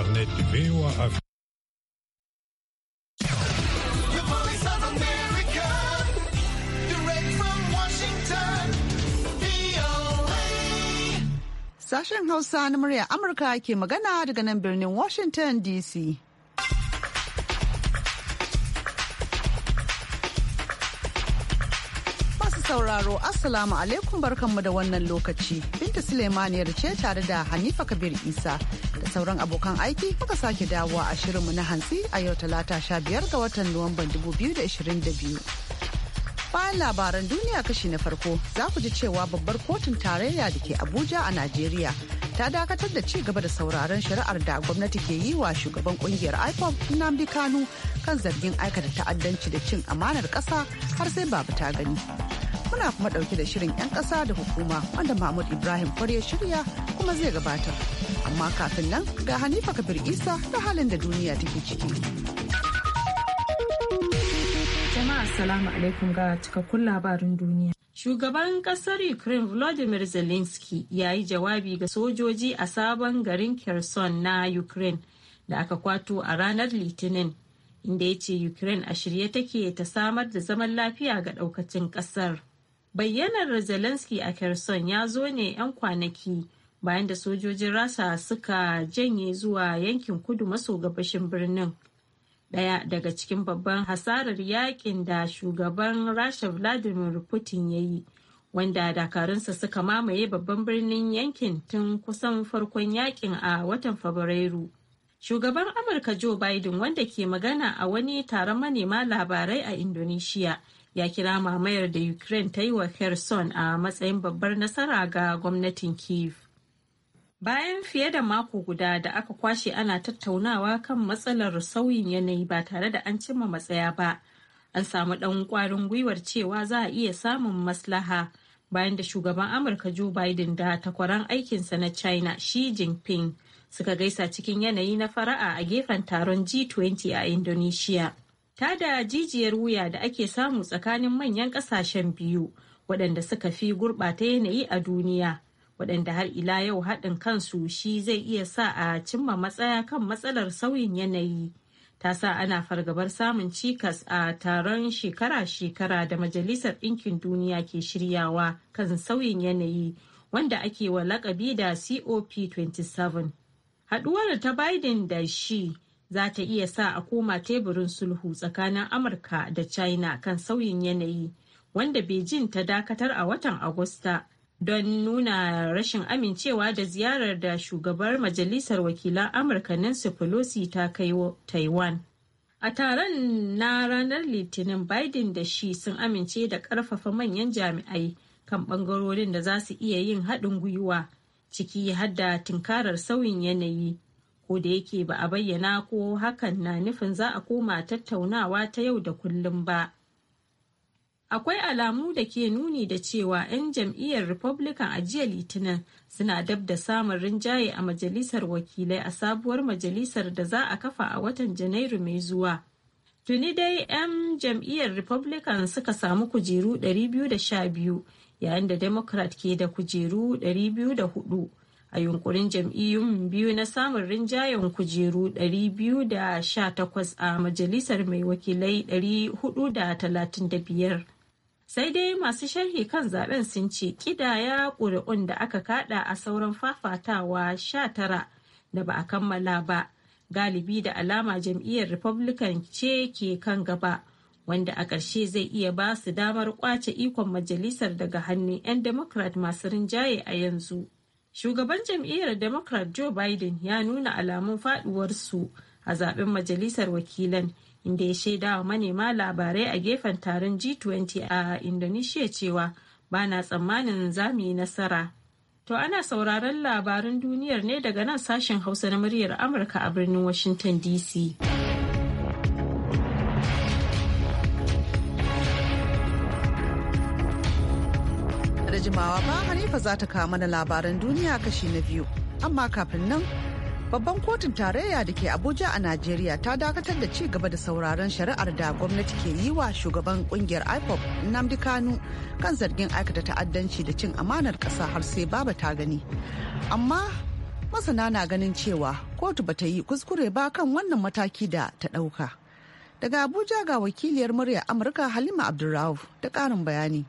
internet VOA Sashen Hausa na murya Amurka ke magana daga nan birnin Washington DC. sauraro Assalamu alaikum barkanmu da wannan lokaci. Binta Suleimaniyar ce tare da Hanifa Kabir Isa da sauran abokan aiki muka sake dawowa a shirinmu na hantsi a yau talata sha biyar ga watan Nuwamban biyu. Bayan labaran duniya kashi na farko za ku ji cewa babbar kotun tarayya da ke Abuja a Najeriya ta dakatar da ci gaba da sauraron shari'ar da gwamnati ke yi wa shugaban kungiyar IPOP Nnamdi Kanu kan zargin aikata ta'addanci da cin amanar ƙasa har sai babu ta gani. muna kuma ɗauke da shirin 'yan ƙasa da hukuma wanda mahmud ibrahim ya shirya kuma zai gabata amma kafin nan ga hanifa kabir isa da halin da duniya take ciki jama'a as-salamu alaikum ga cikakkun labarin duniya Shugaban kasar Ukraine Volodymyr Zelensky ya yi jawabi ga sojoji a sabon garin Kherson na Ukraine da aka kwato a ranar Litinin, inda ya ce Ukraine a shirye take ta samar da zaman lafiya ga daukacin kasar. bayyanar zelensky a kherson ya zo ne 'yan kwanaki bayan da sojojin rasa suka janye zuwa yankin kudu maso gabashin birnin daya daga cikin babban hasarar yakin da shugaban rasha vladimir putin ya yi wanda dakarunsa suka mamaye babban birnin yankin tun kusan farkon yakin a watan fabrairu shugaban amurka joe biden wanda ke magana a wani taron manema labarai a indonesia ya kira mamayar da Ukraine ta yi wa Kherson a matsayin babbar nasara ga gwamnatin Kyiv. Bayan fiye da mako guda da aka kwashe ana tattaunawa kan matsalar sauyin yanayi ba tare da an cimma matsaya ba, an samu ɗan ƙwarin gwiwar cewa za a iya samun maslaha bayan da shugaban Amurka Joe Biden da takwaran aikinsa na China Xi Jinping suka gaisa cikin yanayi na fara'a a gefen taron G20 a Indonesia. Ta da jijiyar wuya da ake samu tsakanin manyan ƙasashen biyu waɗanda suka fi gurɓata yanayi a duniya waɗanda har ila yau haɗin kansu shi zai iya sa a cimma matsaya kan matsalar sauyin yanayi ta sa ana fargabar samun cikas a taron shekara-shekara da majalisar ɗinkin duniya ke shiryawa kan sauyin yanayi wanda ake wa lakabi da cop 27 haɗuwar ta biden da shi za ta iya sa a koma teburin sulhu tsakanin amurka da china kan sauyin yanayi wanda beijing ta dakatar a watan agusta don nuna rashin amincewa da ziyarar da shugabar majalisar wakilan amurka nancy pelosi ta kai taiwan a taron na ranar litinin biden da shi sun amince da karfafa manyan jami'ai kan bangarorin da za su iya yin haɗin gwiwa ciki hadda tunkarar sauyin yanayi ko da yake ba a bayyana ko hakan na nufin za a koma tattaunawa ta yau da kullum ba akwai alamu da ke nuni da cewa 'yan jam'iyyar republican a jiya litinin suna dab da samun rinjaye a majalisar wakilai a sabuwar majalisar da za a kafa a watan janairu mai zuwa tuni dai 'yan jam'iyyar republican suka samu kujeru 212 yayin da democrat ke da kujeru 204 a yunkurin jam'iyyun biyu na samun rinjayen kujeru 218 a majalisar mai wakilai 435 sai dai masu sharhi kan zaben sun ce kidaya ƙuri'un da aka kada a sauran fafatawa 19 da ba a kammala ba galibi da alama jam'iyyar republican ce ke kan gaba wanda a ƙarshe zai iya ba su damar kwace ikon majalisar daga hannun 'yan democrat masu rinjaye a yanzu. Shugaban jam'iyyar Democrat Joe Biden ya nuna alamun faduwarsu a zaben majalisar wakilan inda ya shaidawa manema labarai a gefen taron G20 a Indonesia cewa ba na tsammanin za mu yi nasara. To ana sauraron labarin duniyar ne daga nan sashen Hausa na muryar Amurka a birnin Washington DC. jimawa ba Hanifa za ta kawo mana labaran duniya kashi na biyu. Amma kafin nan babban kotun tarayya da ke Abuja a Najeriya ta dakatar da ci gaba da sauraron shari'ar da gwamnati ke yi wa shugaban kungiyar IPOP Nnamdi Kanu kan zargin aikata ta'addanci da cin amanar ƙasa har sai baba ta gani. Amma masana na ganin cewa kotu ba ta yi kuskure ba kan wannan mataki da ta ɗauka. Daga Abuja ga wakiliyar murya Amurka Halima Abdulrahu da karin bayani.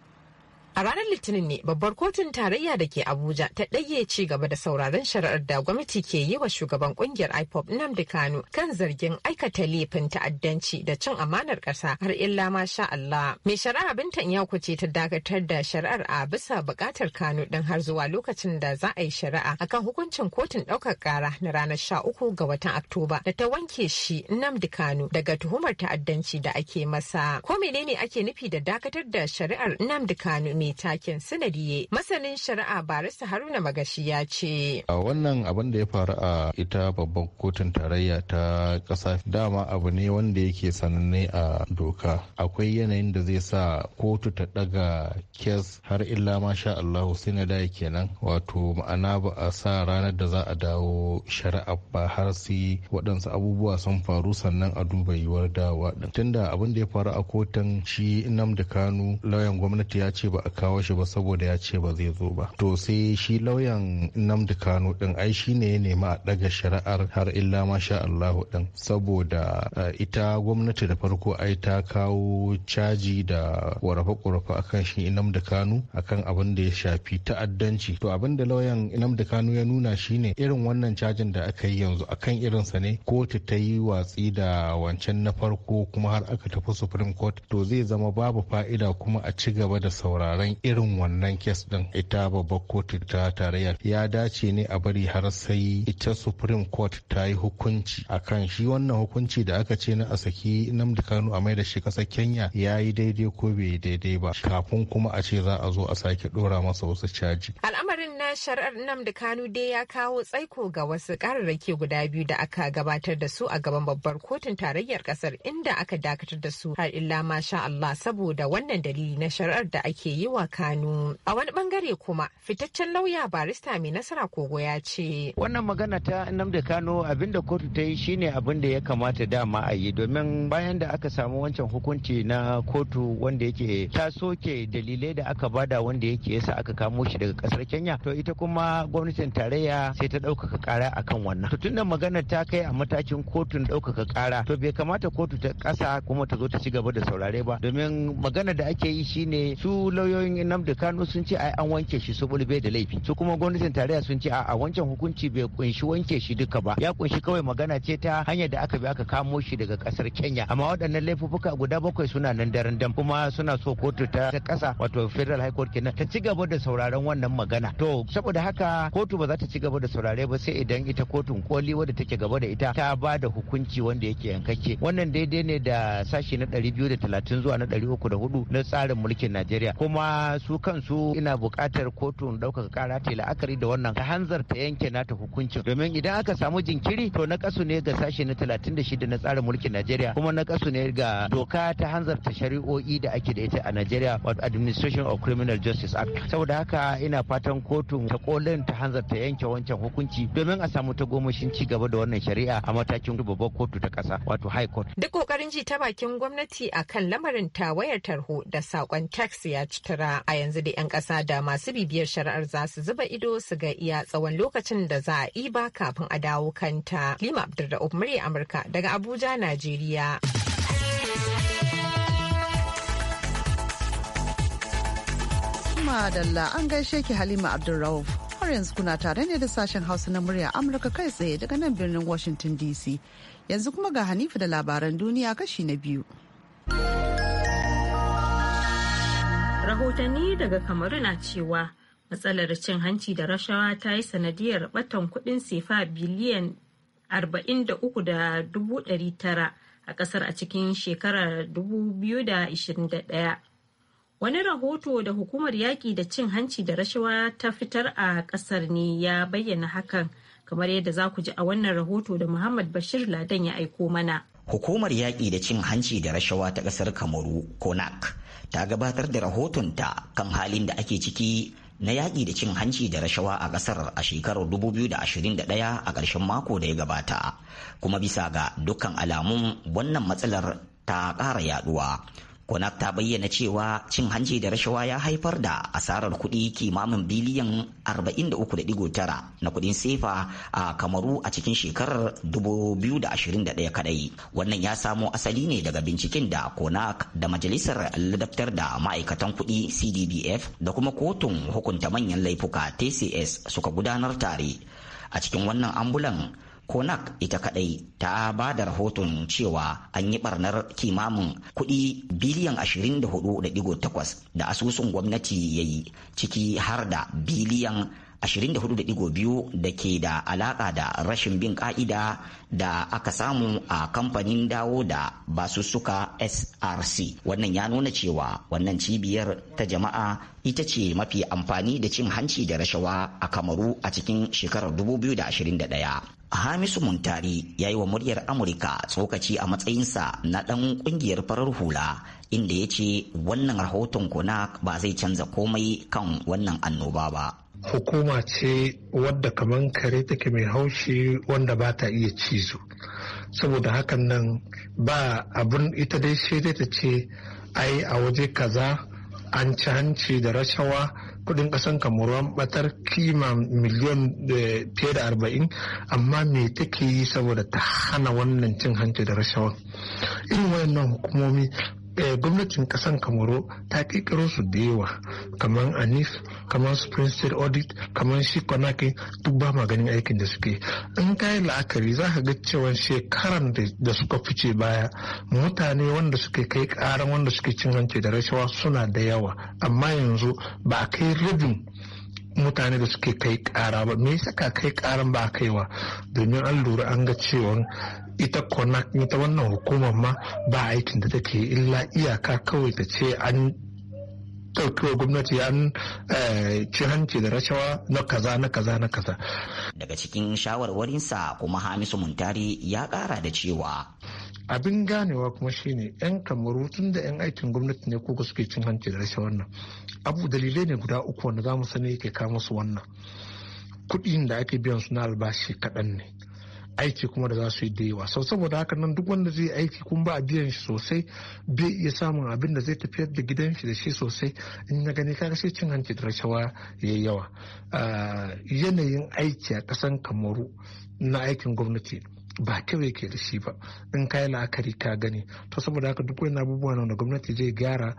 A ranar Litinin ne babbar kotun tarayya da ke Abuja ta ɗage ci gaba da sauraron shari'ar da gwamnati ke yi wa shugaban kungiyar IPOP Nnamdi Kanu kan zargin aikata laifin ta'addanci da cin amanar ƙasa har illa ma sha Allah. Mai shari'a Binta Nyako ce ta dakatar da shari'ar a bisa buƙatar Kanu ɗin har zuwa lokacin da za a yi shari'a akan hukuncin kotun ɗaukar ƙara na ranar sha uku ga watan Oktoba da ta wanke shi Nnamdi Kanu daga tuhumar ta'addanci da ake masa. Ko menene ake nufi da dakatar da shari'ar Nnamdi Kanu mai taken sanadiye masanin shari'a barista haruna magashi ya ce a wannan abin da ya faru a ita babban kotun tarayya ta ƙasa dama abu ne wanda yake sananne a doka akwai yanayin da zai sa kotu ta daga kes har illa ma sha allahu sai na kenan wato ma'ana ba a sa ranar da za a dawo shari'a ba har sai waɗansu abubuwa sun faru sannan a duba yiwuwar dawa tunda abin da ya faru a kotun shi Nnamdi Kanu lauyan gwamnati ya ce ba a kawo shi ba saboda ya ce ba zai zo ba to sai shi lauyan namdi kano din ai shi ne ya nema a daga shari'ar har illa masha allahu din saboda eh, ita gwamnati da farko ai ta kawo caji da warafa kurafa akan shi namdi kano akan abin da ya shafi ta'addanci to abin da lauyan namdi kano ya nuna shine irin wannan cajin da aka yi yanzu akan irinsa ne kotu ta yi watsi da wancan na farko kuma har aka tafi supreme court to zai zama babu fa'ida kuma a ci gaba da sauraron taron irin wannan kes din ita babbar kotu ta tarayya ya dace ne a bari har sai ita supreme court ta yi hukunci kan shi wannan hukunci da aka ce na a saki namdi kanu a mai da shi kasar kenya ya yi daidai ko bai daidai ba kafin kuma a ce za a zo a sake dora masa wasu caji al'amarin na shari'ar da Kanu dai ya kawo tsaiko ga wasu kararraki guda biyu da aka gabatar da su a gaban babbar kotun tarayyar kasar inda aka dakatar da su har illa ma sha Allah saboda wannan dalili na shari'ar da ake yi wa Kanu. A wani bangare kuma fitaccen lauya barista mai nasara kogo ya ce. Wannan magana ta da Kano abinda kotu ta yi shine abin da ya kamata dama a yi domin bayan da aka samu wancan hukunci na kotu wanda yake ta soke dalilai da aka bada wanda yake yasa aka kamo shi daga kasar Kenya to ita kuma gwamnatin tarayya sai ta ɗaukaka ƙara akan wannan to tunda maganar ta kai a matakin kotun ɗaukaka ƙara to bai kamata kotu ta ƙasa kuma ta zo ta ci gaba da saurare ba domin maganar da ake yi shine su lauyoyin Nnamdi Kano sun ce ai an wanke shi su bai da laifi su kuma gwamnatin tarayya sun ce a wancan hukunci bai kunshi wanke shi duka ba ya kunshi kawai magana ce ta hanyar da aka bi aka kamo shi daga ƙasar Kenya amma waɗannan laifuffuka guda bakwai suna nan daren dan kuma suna so kotu ta ƙasa wato Federal High Court kenan ta ci gaba da sauraron wannan magana to saboda haka kotu ba za ta ci gaba da saurare ba sai idan ita kotun koli wadda take gaba da ita ta ba da hukunci wanda yake yankakke wannan daidai ne da sashi na 230 zuwa na 304 na tsarin mulkin Najeriya kuma su kansu ina buƙatar kotun ɗaukaka kara ta la'akari da wannan ta hanzarta yanke nata hukuncin domin idan aka samu jinkiri to na kasu ne ga sashi na 36 na tsarin mulkin Najeriya kuma na kasu ne ga doka ta hanzarta shari'o'i da ake da ita a Najeriya wato Administration of Criminal Justice Act saboda haka ina fatan kotu. kotun ta kolin ta hanzar ta yanke wancan hukunci domin a samu ta gomashin ci gaba da wannan shari'a a matakin babbar kotu ta kasa wato high court duk kokarin ji ta bakin gwamnati akan lamarin ta wayar tarho da sakon tax ya ci a yanzu da yan kasa da masu bibiyar shari'ar za su zuba ido su ga iya tsawon lokacin da za a iba kafin a dawo kanta lima abdurrahman murya amurka daga abuja najeriya Dalla an gaishe ki Halima Abdulrauf. Har yanzu kuna tare ne da sashen Hausa na murya Amurka kai tsaye daga nan birnin Washington DC. Yanzu kuma ga Hanifa da labaran duniya kashi na biyu. Rahotanni daga Kamaru na cewa matsalar cin hanci da rashawa ta yi sanadiyar batan kudin sefa biliyan 43.900 a kasar a cikin shekarar 2021. Wani rahoto da hukumar yaƙi da cin hanci da rashawa ta fitar a ƙasar ne ya bayyana hakan kamar yadda za ku ji a wannan rahoto da Muhammad Bashir Ladan ya aiko mana. Hukumar yaƙi da cin hanci da rashawa ta ƙasar Kamaru, konak ta gabatar da rahotonta kan halin da ake ciki na yaƙi da cin hanci da rashawa a ƙasar a shekarar 2021 a ƙarshen mako da ya gabata kuma bisa ga dukkan alamun wannan matsalar ta ƙara yaɗuwa. Konak ta bayyana cewa cin hanci da rashawa ya haifar da asarar kuɗi kimamin biliyan 43.9 na kuɗin sefa a kamaru a cikin shekarar 2021 kadai. Wannan ya samo asali ne daga binciken da Konak da Majalisar Ladabtar da Ma'aikatan Kuɗi CDBF da kuma Kotun Hukunta Manyan Laifuka TCS suka gudanar tare. A cikin wannan ambulan konak ita kadai ta ba da rahoton cewa an yi barnar kimamin kuɗi biliyan 24.8 da asusun gwamnati ya yi ciki har da biliyan 24.2 da ke da alaƙa da rashin bin ƙa'ida da aka samu a kamfanin dawo da basussuka src wannan ya nuna cewa wannan cibiyar ta jama'a ita ce mafi amfani da cin hanci da rashawa a kamaru a cikin shekarar 2021 hamisu muntari ya yi wa muryar amurka tsokaci a matsayinsa na ɗan ƙungiyar farar hula inda ya ce wannan rahoton kuna ba zai canza komai kan wannan annoba ba hukuma ce wadda kamar kare take mai haushi wanda ba ta iya cizo saboda hakan nan ba abun ita dai sai ta ce ai a waje kaza an ci hanci da rashawa kudin kasan kamaru an batar kima miliyan eh, fiye da arba'in amma me take yi saboda ta hana wannan cin hanci da rashawa irin wayannan hukumomi Eh, gwamnatin kasan kamaru ta kirkiro su da yawa kamar anis kamar spring state audit kamar shi konake duk ba maganin aikin da suke in ka yi la'akari za ka ga cewa shekaran da suka fice baya mutane wanda suke kai karan wanda suke cin hanci da rashawa suna da yawa amma yanzu ba kai rabin mutane da suke kai kara ba me yasa ka kai karan ba kaiwa domin an lura an ga cewa ita konak ita wannan hukumar ma ba aikin da take illa iyaka kawai ta ce an ɗaukewa gwamnati an eh, ci hanci da rashawa na kaza na kaza na kaza. Daga cikin shawarwarinsa kuma Hamisu Muntari ya ƙara da cewa. Abin ganewa kuma shine 'yan kamaru tun da 'yan aikin gwamnati ne ko suke cin hanci da rashawa wannan. abu dalilai ne guda uku wanda za mu sani ke kawo su wannan kuɗin da ake biyan su na albashi kaɗan ne aiki kuma da za su yi da yawa sau saboda haka nan duk wanda zai aiki kun ba a biyan shi sosai bai iya samun abin da zai tafiyar da gidan shi da shi sosai in na gani kaga sai cin hanci da rashawa ya yawa ah, yanayin aiki a kasan kamaru na aikin gwamnati ba kyau ke da shi ba in kai la'akari ka gani to saboda haka duk wani abubuwa na gwamnati zai gyara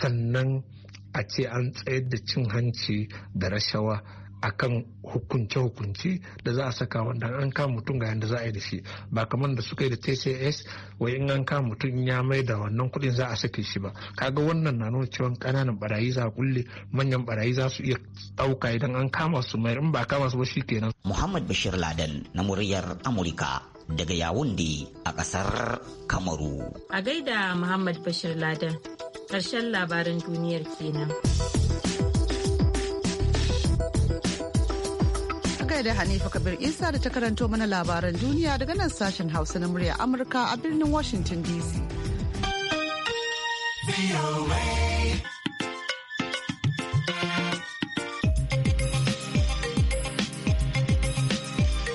sannan a ce an tsayar da cin hanci da rashawa akan hukunce-hukunce da za a saka wanda an kama mutum ga yadda za a yi da shi ba kamar da suka yi da tcs wai in an kama mutum ya mai da wannan kuɗin za a sake shi ba kaga wannan na nuna cewa ƙananan barayi za a kulle manyan barayi za su iya ɗauka idan an kama su mai in ba kama su ba shi kenan. muhammad bashir ladan na muryar amurka daga yawundi a ƙasar kamaru. a gaida muhammad bashir ladan Karshen labarin duniyar kenan. Aka da Hanifa Kabir Isa da ta karanto mana labaran duniya daga nan sashen Hausa na murya Amurka a birnin Washington DC.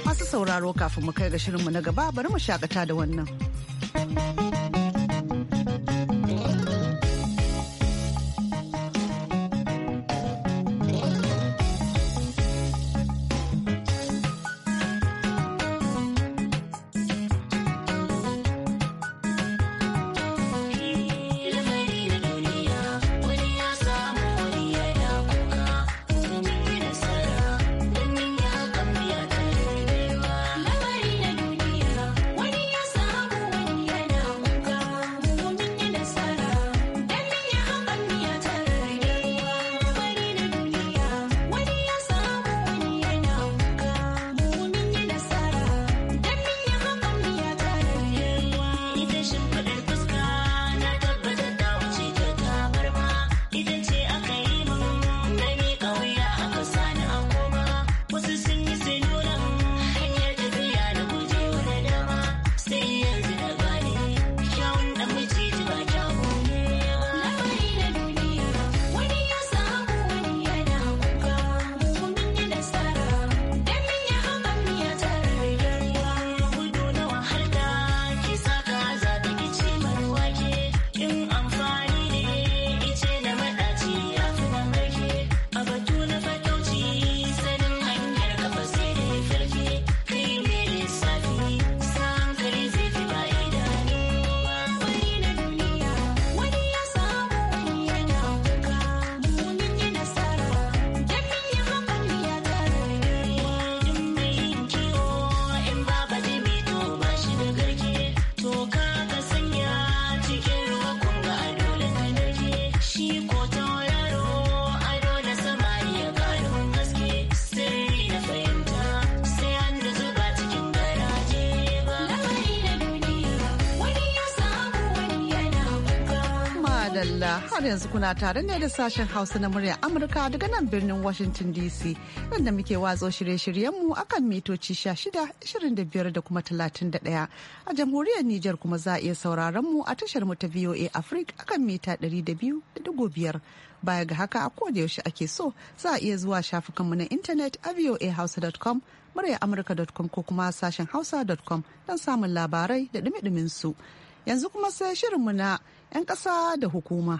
Masu sauraro kafin mu kai ga shirinmu na gaba bari mu shakata da wannan. har yanzu kuna tare ne da sashen Hausa na muryar Amurka daga nan birnin Washington DC, inda muke watsa shirye-shiryenmu akan mitoci 16-25 da kuma 31. A jamhuriyar Nijar kuma za a iya sauraron mu a tashar mu ta VOA Africa akan mita 200.5. Baya ga haka a koda yaushe ake so za a iya zuwa shafukanmu na intanet a voahausa.com amurka.com ko kuma sashen hausa.com don samun labarai da dumi su. Yanzu kuma sai shirinmu na 'yan ƙasa da hukuma.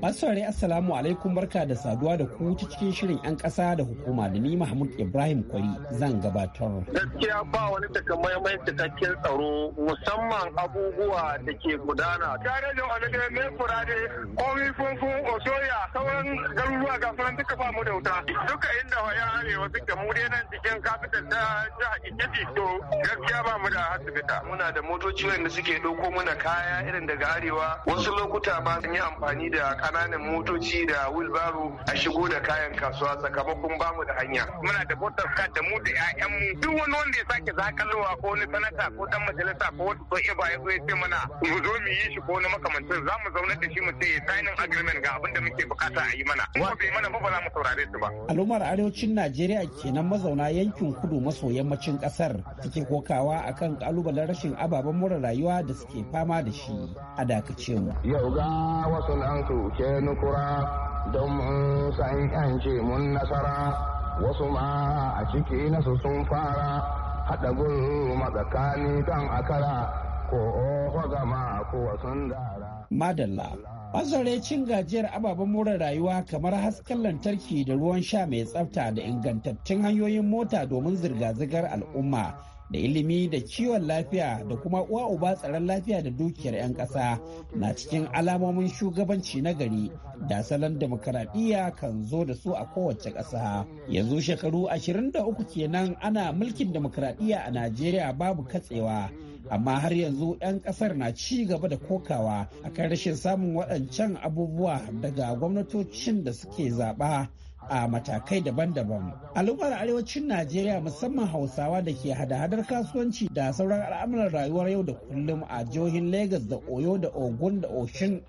Masarai Assalamu alaikum barka da saduwa da ku ta cikin shirin 'yan ƙasa da hukuma da ni Mahmud Ibrahim Kwari zan gabatar. Gaskiya ba wani mai cikakken tsaro musamman abubuwa da ke gudana. Tare da wani da mai da komi funfun osoya, sauran garuruwa ga sunan duka ba mu da wuta. Duka inda waya arewa suka mu nan cikin kafitan ta jihar Ikiti to gaskiya ba mu da hasibita. Muna da motoci wanda suke ɗauko mana kaya irin daga arewa wasu lokuta ma sun yi amfani da kananan motoci da wilbaro a shigo da kayan kasuwa sakamakon bamu da hanya muna da motar kan da mu da 'ya'yanmu duk wani wanda ya sake zakalowa ko wani sanata ko dan majalisa ko wata so ba ya ce mana mu zo mu yi shi ko wani makamancin za mu zaunar da shi mu ce sainin agreement ga abin da muke bukata a yi mana kuma bai mana ba ba za mu saurare su ba al'ummar arewacin najeriya kenan mazauna yankin kudu maso yammacin kasar suke kokawa akan kalubalen rashin ababen more rayuwa da suke fama da shi a ce mu yau ga wasu nan ke nukura don mun san ce mun nasara wasu ma a ciki nasu sun fara haɗa gulma tsakani kan akara ko ofa gama ko wasan dara madalla cin gajiyar ababen more rayuwa kamar hasken lantarki da ruwan sha mai tsafta da ingantattun hanyoyin mota domin zirga-zirgar al'umma da ilimi da ciwon lafiya da kuma uwa uba tsaron lafiya da dukiyar 'yan ƙasa na cikin alamomin shugabanci na gari da salon demokaradiyya kan zo da su a kowace ƙasa yanzu shekaru 23 kenan ana mulkin demokaradiyya a najeriya babu katsewa amma har yanzu 'yan ƙasar na ci gaba da kokawa akan rashin samun waɗancan abubuwa daga gwamnatocin da suke zaɓa a matakai daban-daban. Al'ummar arewacin Najeriya musamman Hausawa da ke hada-hadar kasuwanci da sauran al'amuran rayuwar yau da kullum a jihohin Legas da Oyo da Ogun da Oshin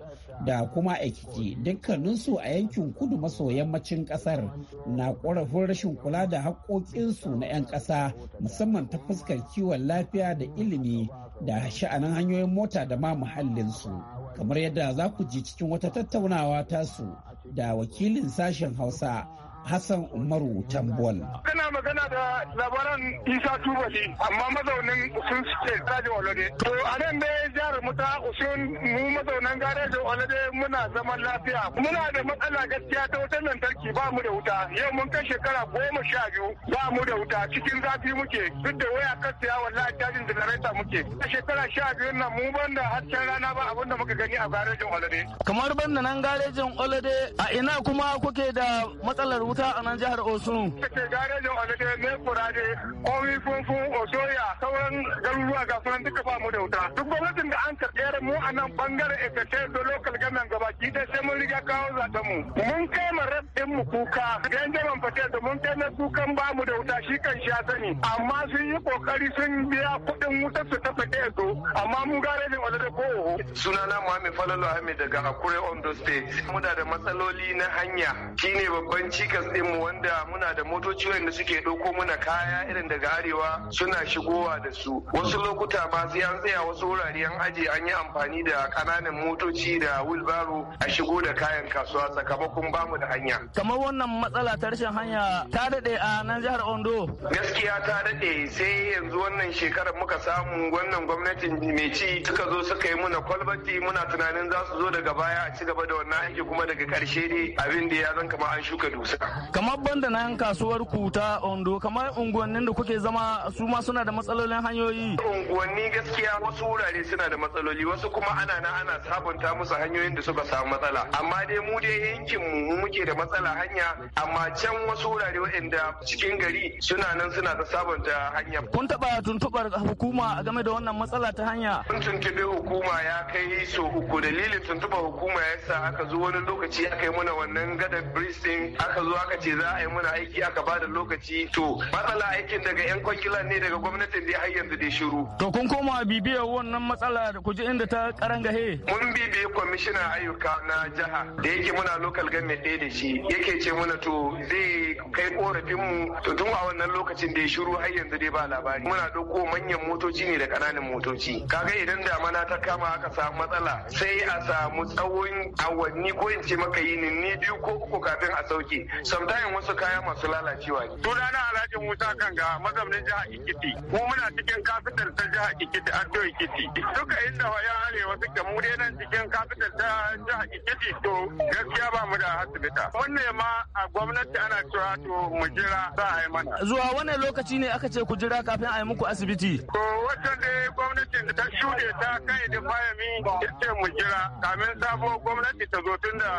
da kuma ekiti dukkaninsu a yankin kudu maso yammacin kasar na ƙorafin rashin kula da haƙoƙinsu na 'yan ƙasa musamman ta fuskar kiwon lafiya da ilimi da sha'anin hanyoyin mota da ma muhallinsu kamar yadda za ku ji cikin wata tattaunawa tasu da wakilin sashen hausa Hassan Umaru Tambol. Kana magana da labaran Isa Tubali amma mazaunin Usun suke Gaje Olode. To a nan dai jihar mu Usun mu mazaunan Gaje Olode muna zaman lafiya. Muna da matsala gaskiya ta wutar lantarki ba mu da wuta. Yau mun kai shekara goma sha biyu ba mu da wuta cikin zafi muke duk da waya kasiya wallahi cajin generator muke. A shekara sha biyu nan mu da hasken rana ba abinda muka gani a garejin Olode. Kamar banda nan garejin Olode a ina kuma kuke da matsalar wuta? wuta a nan jihar Osun. Take garejin Olade ne kurade komi funfun Osoya sauran garuruwa ga sunan duka ba mu da wuta. Duk gwamnatin da an karɓar mu a nan bangaren Ekete da local government gabaki da sai mun riga kawo zaɓen mu. Mun kai ma ras ɗin mu kuka. da jaman fate da mun kai na kukan ba mu da wuta shi kan sha sani. Amma sun yi kokari sun biya kuɗin wutar su ta fate su amma mun garejin Olade ko. Sunana Muhammad Falalu Ahmed daga Akure Ondo State. Muna da matsaloli na hanya shine babban cika takas ɗinmu wanda muna da motoci wanda suke ɗauko mana kaya irin daga arewa suna shigowa da su wasu lokuta ba sai an tsaya wasu wurare an aje an yi amfani da ƙananan motoci da wilbaro a shigo da kayan kasuwa sakamakon bamu da hanya kamar wannan matsala ta rashin hanya ta daɗe a nan jihar ondo gaskiya ta daɗe sai yanzu wannan shekarar muka samu wannan gwamnatin mai ci suka zo suka yi muna kwalbati muna tunanin za su zo daga baya a ci gaba da wannan aiki kuma daga ƙarshe ne abin da ya zan kama an shuka dusa kamar banda na kasuwar ku ta ondo kamar unguwannin da kuke zama su ma suna da matsalolin hanyoyi unguwanni gaskiya wasu wurare suna da matsaloli wasu kuma ana na ana sabunta musu hanyoyin da suka samu matsala amma dai mu dai yankin mu muke da matsala hanya amma can wasu wurare waɗanda cikin gari suna nan suna da sabunta hanya kun taba tuntubar hukuma game da wannan matsala ta hanya kun tuntube hukuma ya kai so uku dalilin tuntubar hukuma ya sa aka zo wani lokaci aka yi mana wannan gadar bridge aka zo aka ce za a yi muna aiki aka ba da lokaci to matsala aikin daga yan kwangilan ne daga gwamnatin da har yanzu dai shiru. To kun koma bibiyar wannan matsala da kuje inda ta karangahe. Mun bibiye kwamishina ayyuka na jiha da yake muna lokal gan mai da shi yake ce muna to zai kai korafin mu to tun a wannan lokacin da ya shiru har yanzu dai ba labari. Muna ɗauko manyan motoci ne da ƙananan motoci. Kaga idan damana ta kama aka samu matsala sai a samu tsawon awanni ko in ce maka yi ni biyu ko uku kafin a sauke samtayin wasu kaya masu lalacewa ne sunana alhaji musa kanga mazaunin jihar ikiti mu muna cikin kafitar ta jihar ikiti addo ikiti duka inda ya arewa suke mu dai nan cikin kafitar ta jihar ikiti to gaskiya ba mu da asibita wannan ma a gwamnati ana cewa to mu jira za a yi mana zuwa wani lokaci ne aka ce ku jira kafin a yi muku asibiti to wata dai gwamnatin ta shuɗe ta kai da bayami ya ce mu jira kamin sabo gwamnati ta zo tun da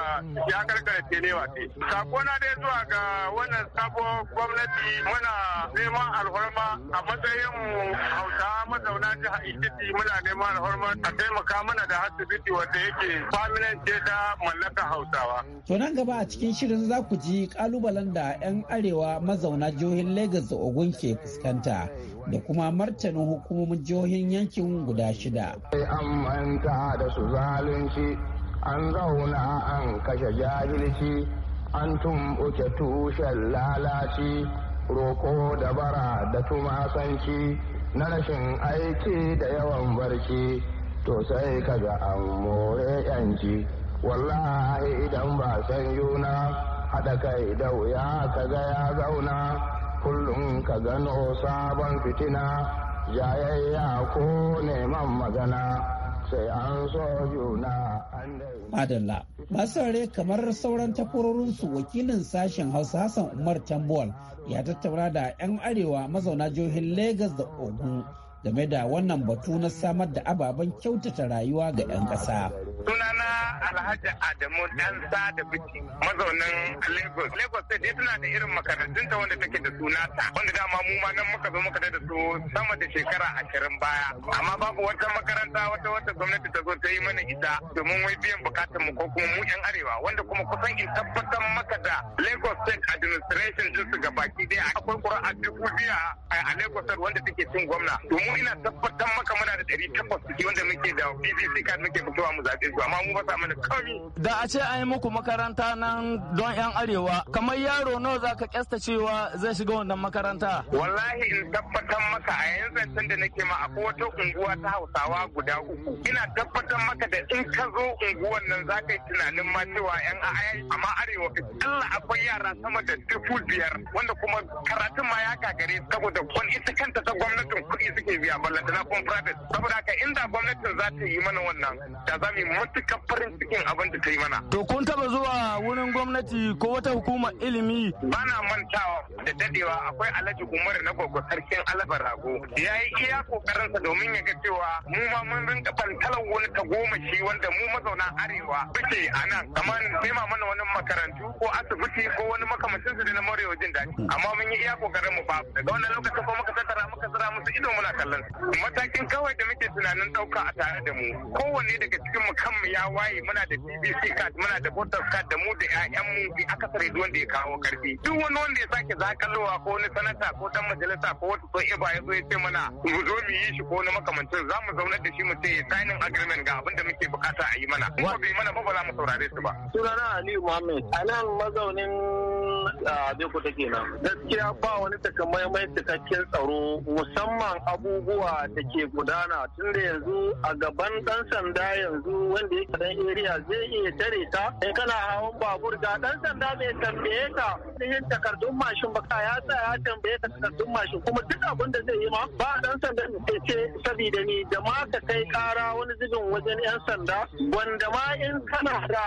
ya karkare wa ce sakona dai zuwa ga wannan sabuwar gwamnati muna neman alhorma a matsayin mu hausawa mazauna jiha Ikiti muna neman alhorma a taimaka mana da asibiti wanda yake permanent ce ta mallakar hausawa. To nan gaba a cikin shirin za ku ji kalubalen da 'yan arewa mazauna jihohin Legas da Ogun ke fuskanta da kuma martanin hukumomin jihohin yankin guda shida. An manta zalunci, an zauna an kashe jahilci, an tumɓuke tushen lalaci roƙo da bara da tumasanci na rashin aiki da yawan barci to sai kaga an more yanci wallahi idan ba san yuna haɗa kai da wuya kaga ya zauna kullum ka gano sabon fitina jayayya ko neman magana sai an so kamar sauran takwarorinsu wakilin sashen Hausa Hassan Umar Tambuwal ya tattauna da 'yan arewa mazauna jihohin Legas da Ogun game da wannan batu na samar da ababen kyautata rayuwa ga 'yan ƙasa. Sunana Alhaji Adamu ɗan da biki mazaunin Lagos. Lagos sai dai tana da irin makarantunta wanda take da suna ta wanda dama mu ma nan muka zo muka da su sama da shekara ashirin baya. Amma babu wata makaranta wata wata gwamnati ta zo ta yi mana ita domin wai biyan bukatar mu ko kuma mu 'yan arewa wanda kuma kusan in tabbatar maka da Lagos State Administration din su gabaki ɗaya akwai ƙura'a dubu biya a Lagos wanda take cin gwamna. mu ina tabbatar maka muna da ɗari takwas ciki wanda muke da BBC card muke fitowa mu zaɓe su amma mu ba sa mana kami. Da a ce an yi muku makaranta nan don 'yan arewa kamar yaro nawa za ka ƙyasta cewa zai shiga wannan makaranta. Wallahi in tabbatar maka a yanzu tun da nake ma akwai wata unguwa ta Hausawa guda uku. Ina tabbatar maka da in ka zo unguwan nan za ka yi tunanin ma cewa 'yan aya, amma arewa Allah akwai yara sama da dubu biyar wanda kuma karatun ma ya gagare saboda wani ita kanta ta gwamnatin kuɗi suke biya da na kuma private saboda haka inda gwamnatin za ta yi mana wannan da za mu matukar farin cikin abin da ta yi mana to kun taba zuwa wurin gwamnati ko wata hukumar ilimi bana mantawa da dadewa akwai alhaji umar na gogo sarkin alabar rago ya yi iya kokarinsa domin ya ga cewa mu ma mun rinka fantalar wani tagomashi wanda mu mazauna arewa muke a nan kamar ma mana wani makarantu ko asibiti ko wani makamashin su da na morewa jin daɗi amma mun yi iya kokarin mu ba daga wannan lokacin ko muka tattara muka zira musu ido muna kallon matsalar matakin kawai da muke tunanin ɗauka a tare da mu kowanne daga cikin mu kanmu ya waye muna da bbc card muna da voters card da mu da mu bi akasari duk wanda ya kawo karfi duk wani wanda ya sake zakalowa ko wani sanata ko dan majalisa ko wata so iba ya zo ya ce mana mu zo mu yi shi ko wani makamancin za mu zaunar da shi mu ce signing agreement ga abin da muke bukata a yi mana ko bai mana ba ba za mu saurare su ba sunana aliyu muhammad a nan mazaunin ah, a take kenan gaskiya ba wani takamaimai cikakken tsaro musamman abu abubuwa da ke gudana tun da yanzu a gaban dan sanda yanzu wanda yake dan area zai iya tare ta in kana hawan babur ga dan sanda mai tambaye ka yin takardun mashin ba ya sa ya tambaye ka takardun mashin kuma duk abin da zai yi ma ba dan sanda da ce saboda ni da ma ka kai kara wani zubin wajen yan sanda wanda ma in kana da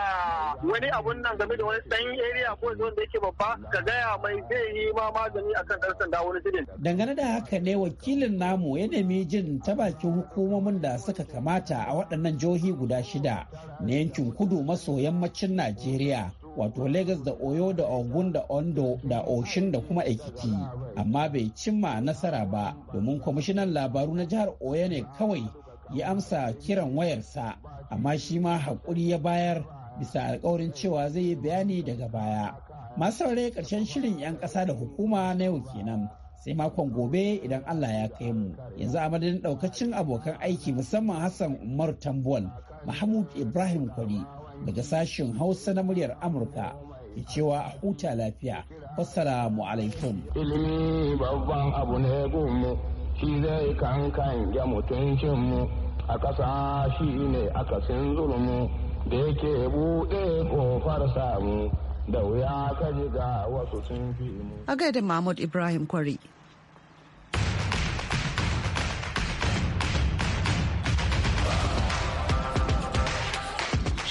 wani abun nan game da wani dan area ko wanda yake babba ka gaya mai zai yi ma magani akan dan sanda wani zubin dangane da haka ne wakilin namu ya nemi jin ta bakin hukumomin da suka kamata a waɗannan jihohi guda shida na yankin kudu maso yammacin najeriya wato Legas da Oyo da Ogun da Ondo da Oshin da kuma Ekiti amma bai cimma nasara ba domin kwamishinan labaru na jihar Oyo ne kawai ya amsa kiran wayarsa amma shi ma haƙuri ya bayar bisa alƙawarin cewa zai yi bayani daga baya. Masu ƙarshen shirin 'yan ƙasa da hukuma na yau kenan. sai makon gobe idan Allah ya kai mu yanzu a madadin daukacin abokan aiki musamman Hassan Umar Tambol Mahmud Ibrahim Kwari daga sashen Hausa na muryar Amurka ke cewa a huta lafiya wassalamu alaikum ilimi babban abu ne gunmu shi zai kankan ya mutuncinmu a ƙasa shi ne akasin zulumu da yake buɗe kofar samu da wuya ka ji ga wasu sun fi mu. A gaida Mahmud Ibrahim Kwari.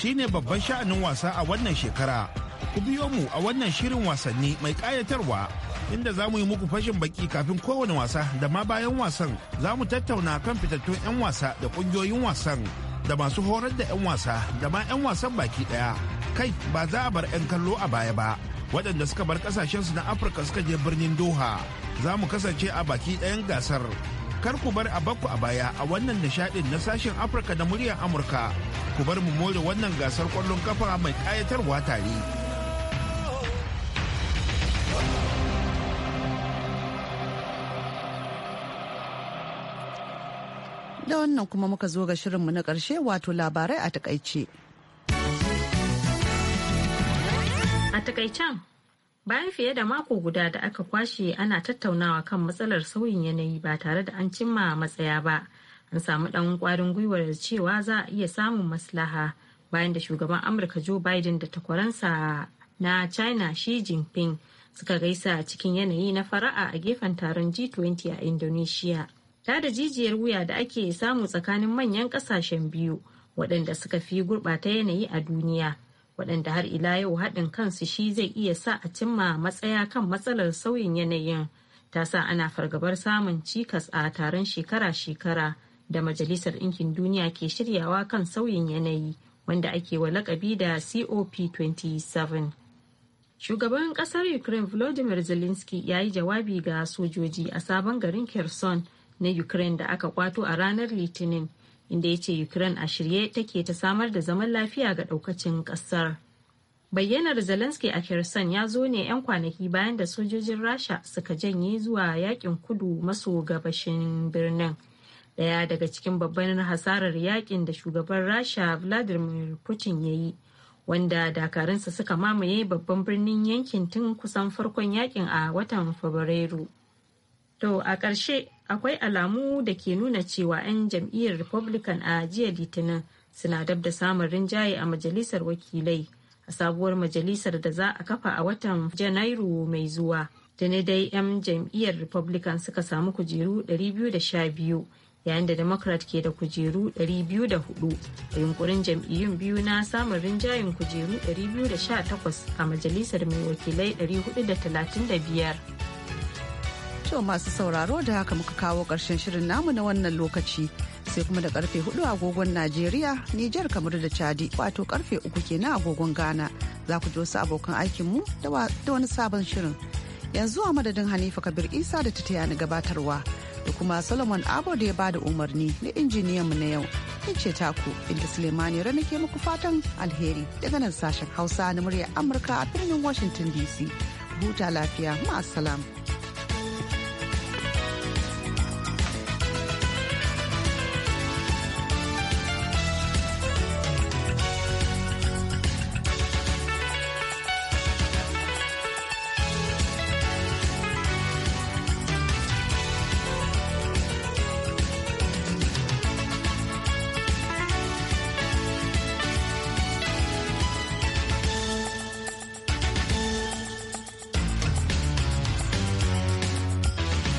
shine babban sha'anin wasa a wannan shekara. Ku biyo mu a wannan shirin wasanni mai ƙayatarwa inda za mu yi muku fashin baki kafin kowane wasa da ma bayan wasan za mu tattauna kan fitattun 'yan wasa da ƙungiyoyin wasan da masu horar da 'yan wasa da ma 'yan wasan baki ɗaya. Kai ba za a bar 'yan kallo a baya ba. waɗanda suka bar su na afirka suka je birnin doha za mu kasance a baki ɗayan gasar kar ku bar a bakku a baya a wannan nishaɗin na sashen afirka da muryar amurka ku bar mu more wannan gasar kwallon kafa mai kayatarwa tare. Da wannan kuma muka zo ga shirinmu na ƙarshe wato labarai a takaice. A takaicen bayan fiye da mako guda da aka kwashe ana tattaunawa kan matsalar sauyin yanayi ba tare da an cimma matsaya ba an samu ɗan kwarin gwiwar cewa za a iya samun maslaha bayan da shugaban amurka joe biden da takwaransa na china shi jinping suka gaisa cikin yanayi na fara'a a gefen taron g20 a indonesia ta da jijiyar wuya da ake samu tsakanin manyan kasashen biyu waɗanda suka fi gurɓata yanayi a duniya waɗanda har ila yau haɗin kansu shi zai iya sa a cimma matsaya kan matsalar sauyin yanayin ta sa ana fargabar samun cikas a taron shekara-shekara da Majalisar Ɗinkin Duniya ke shiryawa kan sauyin yanayi wanda ake wa lakabi da COP27. Shugaban ƙasar Ukraine Volodymyr Zelensky ya yi jawabi ga sojoji a sabon garin Kherson na Ukraine da aka kwato a ranar Litinin, inda ya ce Ukraine a shirye take ta samar da zaman lafiya ga ɗaukacin ƙasar. Bayyanar Zelensky a Kherson ya zo ne 'yan kwanaki bayan da sojojin Rasha suka janye zuwa yakin kudu maso gabashin birnin. daya daga cikin babban hasarar yakin da shugaban rasha vladimir putin ya yi wanda dakarunsa suka mamaye babban birnin yankin tun kusan farkon yakin a watan fabrairu to a ƙarshe akwai alamu da ke nuna cewa 'yan jam'iyyar republican a jiya litinin suna dab da samun rinjaye a majalisar wakilai a sabuwar majalisar da za a kafa a watan janairu mai zuwa da dai 'yan jam'iyyar republican suka samu kujeru 212 yayin da democrat ke da kujeru 204 a yunkurin jam'iyyun biyu na samun rinjayen kujeru 218 a majalisar mai wakilai 435 to masu sauraro da haka muka kawo ƙarshen shirin namu na wannan lokaci sai kuma da karfe hudu agogon najeriya nijar kamar da chadi wato karfe uku ke na agogon ghana za ku ji wasu abokan aikinmu da wani sabon shirin yanzu a madadin hanifa kabir isa da ta ni gabatarwa da kuma solomon abo da ya bada umarni na injiniyan mu na yau in ce taku inda sulemani rana ke muku fatan alheri daga nan sashen hausa na muryar amurka a birnin washington dc huta lafiya ma'asalam.